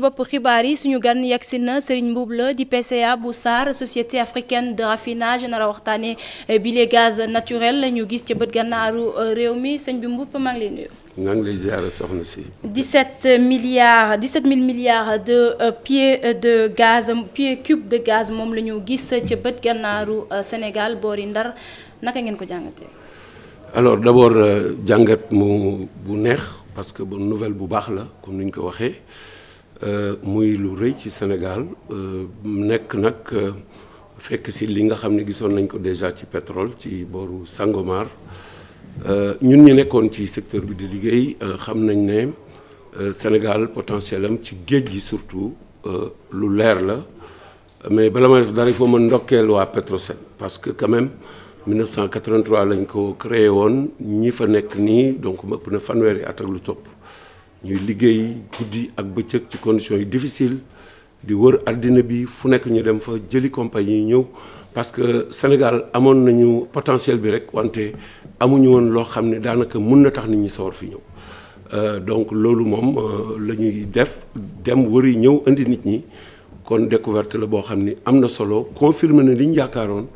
ci bopp xibaar yi suñu gan yegsi na Serigne Mbuub la di PCA bu saar société africaine de raffinage nar a waxtaanee eh, bile gaz naturel ñu gis ca bët gànnaaru eh, réew mi sëñ bi Mbuub maa ngi lay nuyu. maa ngi lay ziar soxna si. 17 milliards 17 mille milliards eh, de gaz moom la ñu gis ca bët gànnaaru Sénégal boori Ndar naka ngeen ko jàngatee. alors d'abord euh, jàngat mu bu neex parce que bu nouvelle bu baax la comme ni ko waxee. Euh, muy lu rëy ci Sénégal euh, nekk nag euh, fekk si li nga xam ne gisoon nañ ko déjà ci pétrole ci booru Sangomar ñun ñu nekkoon ci secteur bi di liggéey xam nañ ne Sénégal potentiel am ci géej gi surtout lu leer la mais bala ma def dara il faut ma ndokkeel waa Petrosen parce que quand même lañ ko créé woon ñi fa nekk nii donc ëpp na fanweeri at ak lu topp. ñuy liggéey guddi ak bëccëg ci conditions yi difficile di wër àddina bi fu nekk ñu dem fa jëli compagnie yi ñëw parce que Sénégal amoon nañu potentiel bi rek wante amuñu woon loo xam ne daanaka mun na tax nit ñi sawar fi ñëw euh, donc loolu moom euh, la ñuy def dem wëri ñëw indi nit ñi kon découverte la boo xam ni am na solo confirmer na li ñu yaakaaroon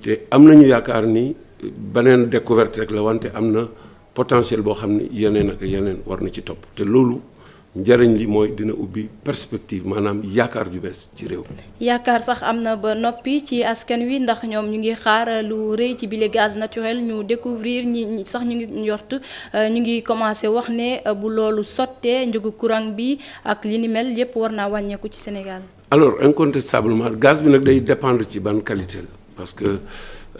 te am nañu yaakaar ni beneen découverte rek la wante am na potentiel boo xam ne yeneen ak yeneen war na ci topp te loolu njëriñ li mooy dina ubbi perspective maanaam yaakaar ju bees ci réew yaakaar sax am na ba noppi ci askan wi ndax ñoom ñu ngi xaar lu rëy ci bile gaz naturel ñu découvrir ñi sax ñu ngi njort euh, ñu ngi commencé wax ne euh, bu loolu sottee njëgu courant bi ak li ni mel yépp war naa wàññeeku ci Sénégal alors incontestablement gaz bi nag day dépendre ci ban qualité la parce que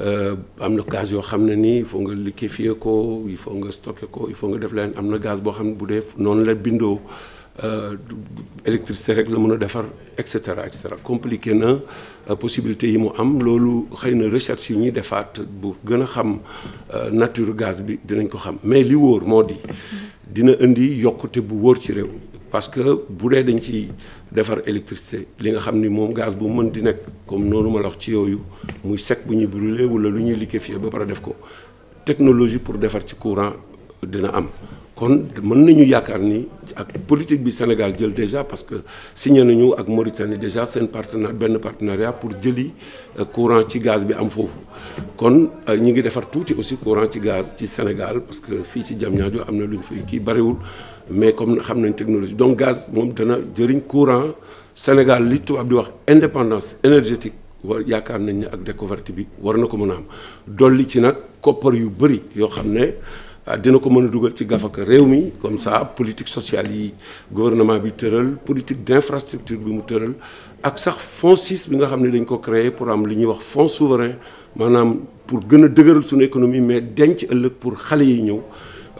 Euh, am na gaz yoo xam ne nii il faut nga liquéfier ko il foo nga stocké ko il faut nga def leen am na gaz boo xam ne bu dee noonu la bindoo euh, électricité rek la mun a defar et cetera et cetera compliqué na euh, possibilité yi mu am loolu xëy na recherche yu ñuy defaat bu gën a xam nature gaz bi dinañ ko xam mais li wóor moo di dina indi yokkute bu wóor ci réew mi parce que bu dee dañ ci defar électricité li nga xam ni moom gaz bu mën di nekk comme noonu ma la wax ci yooyu muy sec bu ñuy brûler wala lu ñuy liggéey liquéfier ba pare def ko technologie pour defar ci courant dina am kon mën nañu yaakaar ni ak politique bi Sénégal jël déjà parce que signé nañu ak Mauritanie déjà seen partenaire benn partenariat pour jëli euh, courant ci gaz bi am foofu kon euh, ñi ngi defar tuuti aussi courant ci gaz ci Sénégal parce que fii ci Diamniadio am na lu ñu fay kii bariwul mais comme xam nañ technologie donc gaz moom dana jëriñ courant Sénégal li tubaab di wax indépendance énergétique war yaakaar nañ ne ak découverte bi war na ko mën a am dolli ci nag koppar yu bëri yoo xam ne Ah, dina ko mën a dugal ci gafaka réew mi comme ça politique sociale yi gouvernement bi tëral politique d'infrastructure bi mu tëral ak sax fonds six bi nga xam ne dañ ko créer pour am li ñuy wax fonds souverain maanaam pour gën a dëgëral suñu économie mais denc ëllëg pour xale yi ñëw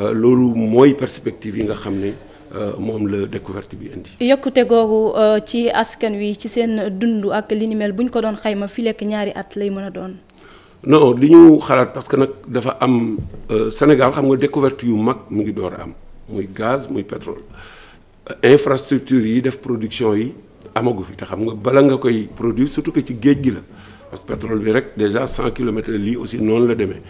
ah, loolu mooy perspective yi nga xam ne ah, moom la découverte bi indi. yokkute googu ci askan wi ci seen dundu ak li ni mel bu ñu ko doon xayma fi lekk ñaari at lay mën a doon. non li ñu xalaat parce que nag dafa am euh, Sénégal xam nga découverte yu mag mu ngi door am muy gaz muy pétrole euh, infrastructure yi def production yi amagu fi te xam nga bala nga koy produit surtout que ci géej gi la parce que pétrole bi rek déjà cent kilomètres lii aussi noonu la demee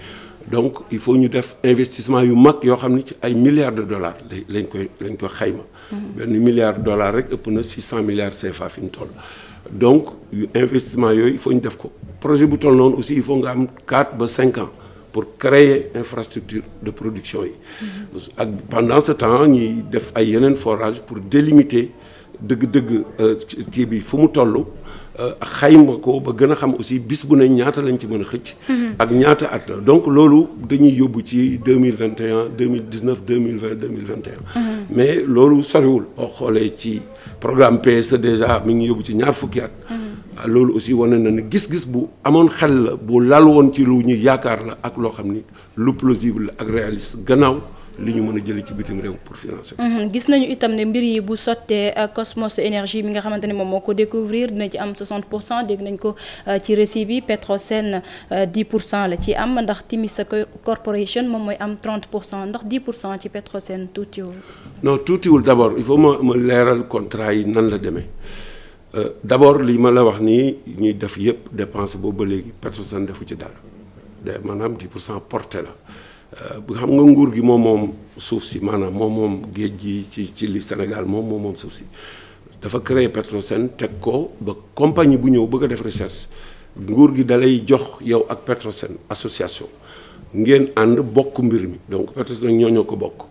donc il faut ñu def investissement yu mag yoo xam ni ci ay milliards de dollars lañ koy lañ koy xayma. Mm-hmm. benn milliard de rek ëpp na six cent milliards CFA fi mu toll. donc investissement yooyu foo ñu def ko projet bu toll noonu aussi il faut nga am 4 ba 5 ans pour créer infrastructure de production yi ak pendant ce temps ñuy def ay yeneen forage pour délimiter dëgg-dëgg euh, kii bi fu mu toll Euh, xayma ko ba gën a xam aussi bis bu ne ñaata lañ ci mën a xëcc. ak ñaata at la donc loolu dañuy yóbbu ci deux mille vingt et un deux mille dix neuf deux mille vingt deux mille mmh. mais loolu soriwul boo xoolee ci programme PSE déjà mu ngi yóbbu ci ñaar fukki at. Mmh. Ah loolu aussi wane na ne gis-gis bu amoon xel la bu lal woon ci lu ñu yaakaar la ak loo xam ni lu plausible ak réaliste gannaaw. li ñu mën a jëlee ci bitim réew pour financer mhm, gis nañu itam ne mbir yi bu sottee euh, Cosmos énergie bi nga xamante ne moom moo ko découvrir dina ci am 60 pour cent dégg nañ ko euh, ci récit bi Petrosen 10 euh, pour cent la ci am ndax Timis Corporation moom mooy am 30 pour cent ndax 10 pour cent ci Petrosen tuutiwul. non tuutiwul d' abord il faut ma ma leeral contrat yi nan la demee. Euh, d' abord li ma la wax nii ñuy def yëpp dépense boobu ba léegi Petrosen defu ci dal dara de am 10 pour cent porté la bu euh, xam nga nguur gi moom moom suuf si maanaam moom moom géej gi ci ci li Sénégal moom moom moom suuf si dafa créer Petrosen teg ko ba compagnie bu ñëw bëgg a def recherche nguur gi dalay jox yow ak Petrosen association ngeen ànd bokk mbir mi donc Petrosen ñoo ñoo ko bokk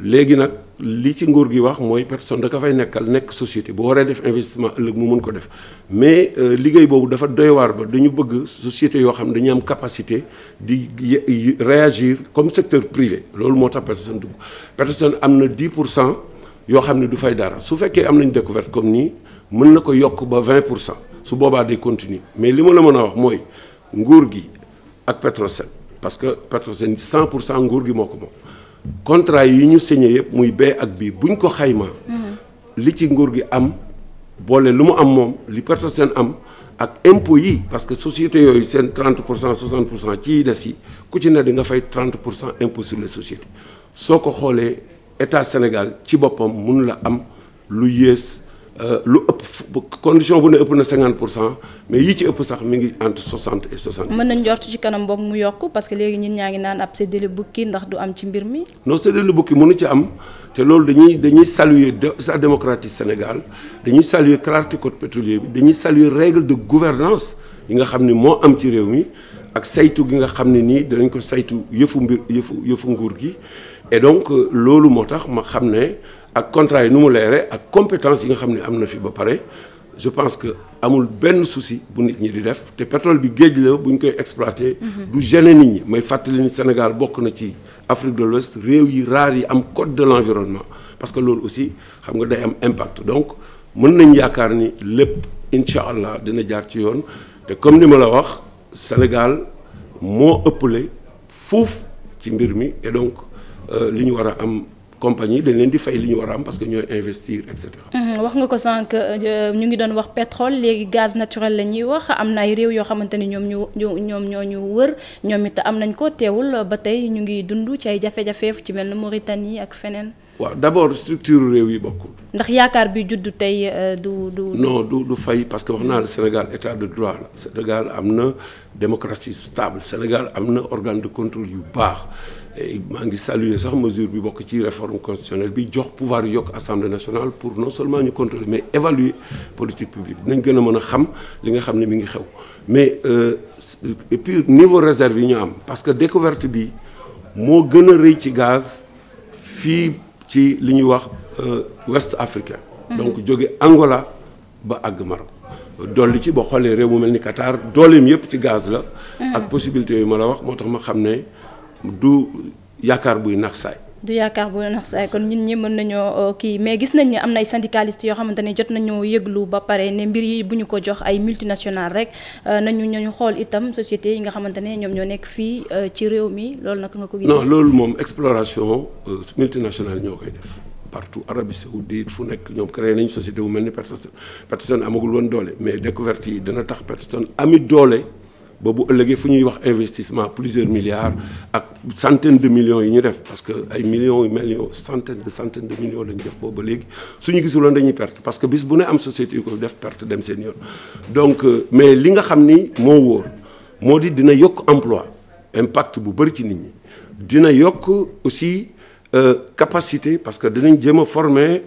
léegi nag. li ci nguur gi wax mooy personne da ka fay nekkal nekk société bu waree def investissement ëllëg mu mun ko def mais euh, liggéey boobu dafa doy waar ba dañu bëgg société yoo xam ne dañu am capacité di réagir comme secteur privé loolu moo tax Petersen dugg Petersen am na 10 pour cent yoo xam ne du fay dara su fekkee am nañ découverte comme nii mën na ko yokk ba vingt pour cent su boobaa day continuer mais li ma la mën a wax mooy nguur gi ak Petersen parce que Petersen 100 pour cent gi moo ko moom. contrat yi ñu signé yëpp muy bee ak bii buñ ko xaymaa. Mhm. li ci nguur gi am boole lu mu am moom li seen am ak impôts yi parce que société yooyu seen 30 pour cent 60 pour cent ci des yi ku ci ne di nga fay 30 pour cent impôt sur les sociétés soo ko xoolee état Sénégal ci boppam mun la am lu yées. Euh, lu ëpp condition bu ne ëpp na 50 pour cent mais yi ci ëpp sax mu ngi entre 60 et 60. mën nañ njort ci kanam boog mu yokk parce que léegi ñin ñaa ngi naan ab séddale bukki ndax du am ci mbir mi. non séddale bukki mënu ci am te loolu dañuy dañuy saluer sa démocratie Sénégal dañuy saluer clarté code pétrolier bi dañuy saluer règle de gouvernance yi nga xam ni moo am ci réew mi ak saytu gi nga xam ne nii danañ ko saytu yëfu mbir yëfu yëfu nguur gi et donc euh, loolu moo tax ma xam ne. ak contrat yi nu mu leere ak compétence yi nga xam ne am na fi ba pare je pense que amul benn souci bu nit ñi di def te pétrole bi géej la buñ koy exploité. Mhm. du gêner nit ñi may fàttali ni Sénégal bokk na ci Afrique de l'Ouest réew yi raar yi am code de l'environnement parce que loolu aussi xam nga day am impact donc mën nañ yaakaar ni lépp incha allah dina jaar ci yoon te comme ni ma la wax Sénégal moo ëpple fuuf ci mbir mi et donc euh, li ñu war a am. compagnie dañ leen di fay li ñu war am parce que ñooy investir et mhm, wax nga ko sànq euh, ñu ngi doon wax pétrole léegi gaz naturel la ñuy wax am na ay réew yoo xamante ni ñoom ñu ñoom ñoo ñu wër ñoom it am nañ ko teewul ba tey ñu ngi dundu ci ay jafe-jafe fu ci mel ne Mauritanie ak feneen. waaw d'abord structure réew yi bokkul. ndax yaakaar bi judd tey euh, du du. no du du fay parce que wax naa la Sénégal état de droit la Sénégal am na démocratie stable Sénégal am na organe de contrôle yu baax maa ngi saluer sax mesure bi bokk ci réforme constitutionnelle bi jox pouvoir yokk assemblée nationale pour non seulement ñu contrôler mais évaluer politique publique dinañ gën a mën a xam li nga xam ne mu ngi xew mais euh, et niveau réserve yi ñu am parce que découverte bi moo gën a rëy ci gaz fii. ci li ñuy wax west euh, africain mhm. donc jóge Angola ba àgg Maroc dolli ci boo xoolee réew mu mel ni Qatar dooleem yëpp ci gaz la mhm. ak possibilité yi ma la wax moo tax ma xam ne du yaakaar buy nax saay du yaakaar bu nax saay kon ñun ñi mën nañoo euh, kii mais gis nañ ne am na ay syndicalistes yoo xamante ne jot nañoo yëglu ba pare ne mbir yi bu ñu ko jox ay multinational rek euh, nañu ñu xool itam société yi nga xamante ne ñoom ñoo nekk fii euh, ci réew mi loolu naka nga ko gis. non loolu moom exploration multinationale ñoo koy def partout Arabie Saoudite fu nekk ñoom créé nañu société bu mel ni Petersen Petersen amagul woon doole mais découverte yi dina tax Petersen ami doole. ba bu ëllëgee fu ñuy wax investissement plusieurs milliards ak centaine de millions yi ñu def parce que ay millions millions centaine de centaine de millions la ñu def boobu ba léegi suñu gisuloon dañuy perte parce que bis bu ne am société yu ko def perte dem seen yoon donc euh, mais li nga xam ni moo wóor moo di dina yokk emploi impact bu bëri ci nit ñi dina yokk aussi euh, capacité parce que dinañ jéem a former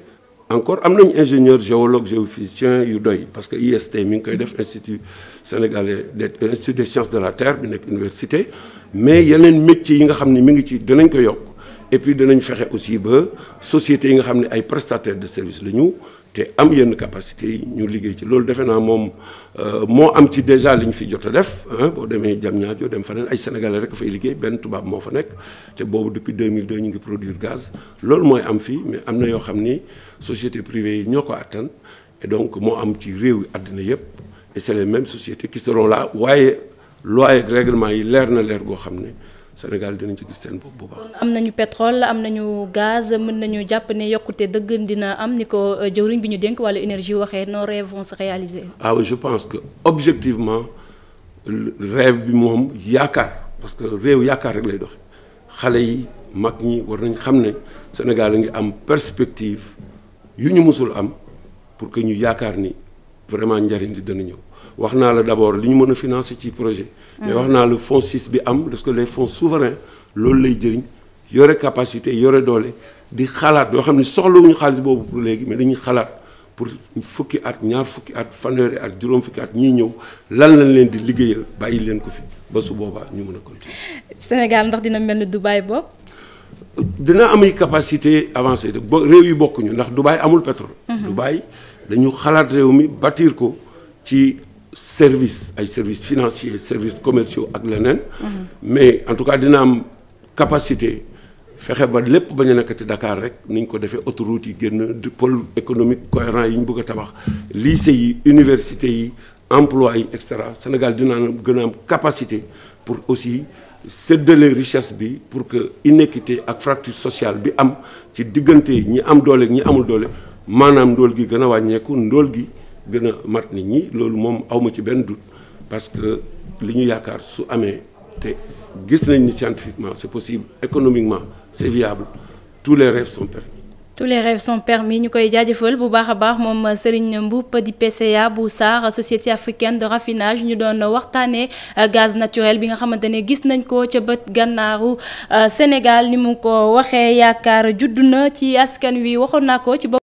encore am nañu ingénieur géologue géophysicien yu doy parce que IST mi ngi koy def institut sénégalais des institut des sciences de la terre bi nekk université mais yeneen métiers yi nga xam ne mi ngi ci danañ ko yokk et puis danañ fexe aussi ba société yi nga xam ne ay prestataires de services la ñu te am yenn capacité yi ñu liggéey ci loolu defe naa moom euh, moo am ci déjà li ñu fi jot a def boo demee Diamniadio dem faneen ay sénégalais rek fay liggéey benn tubaab moo fa nekk te boobu depuis 2002 ñu ngi produire gaz loolu mooy am fii mais am na yoo xam ni société privée yi ñoo ko attan et donc moo am ci réew yi àddina yëpp et c'est les mêmes sociétés qui seront là waaye loi ak règlement yi leer na leer goo xam ne Sénégal dinañ ci gis seen bopp bu baax. kon am nañu pétrole am nañu gaz mën nañu jàpp ne yokkute dëgg dina am ni ko euh, jëwriñ bi ñu dénk wàllu énergie waxee nos rêves vont se réaliser. Ah je pense que objectivement rêve bi moom yaakaar parce que réew yaakaar rek lay dox xale yi mag ñi war nañ xam ne Sénégal a ngi am perspective yu ñu mësul am pour que ñu yaakaar ni vraiment njariñ li dana ñëw. wax naa la d' abord li ñu mën a financer ci projet. Mm. mais wax naa la fonds 6 bi am parce que les fonds souverains loolu lay jëriñ yore capacité yore doole di xalaat yoo xam ne soxlawuñu xaalis boobu pour léegi mais dañuy xalaat pour fukki at ñaar fukki at fanweeri at juróom fukki at ñiy ñëw lan lañ leen di liggéeyal bàyyi leen ko fi ba su boobaa ñu mën a continuer. Sénégal ndax dina mel ni Dubaï boobu. dina amuy capacité avancé de bo réew yi bokkuñu ndax Dubaï amul pétrole. Mm-hmm. Dubaï ko ci. service ay service financiers service commerciaux ak leneen. mais en tout cas dina am capacité fexe ba lépp ba ñu nekkati Dakar rek ni ko defee autoroute yi génn di pôle économique yi ñu bëgg a tabax lycée yi université yi emploi yi Sénégal dina am gën a am capacité pour aussi séddale richesse bi pour que inéquité ak fracture sociale bi am ci diggante ñi am doole ñi amul doole maanaam ndool gi gën a wàññeeku ndool gi. gën a mat nit ñi loolu moom awma ci benn doute parce que li ñu yaakaar su amee te gis nañ ni scientifiquement c'est possible économiquement c'est viable tous les rêves sont permis tous les rêves sont permis ñu koy jaajëfal bu baax a baax moom Serigne Mboup di PCA bu SAR société africaine de raffinage ñu doon waxtaanee gaz naturel bi nga xamante ne gis nañ ko ca bët gànnaaru euh, Sénégal ni mu ko waxee yaakaar juddu na ci askan wi waxoon naa ko ci.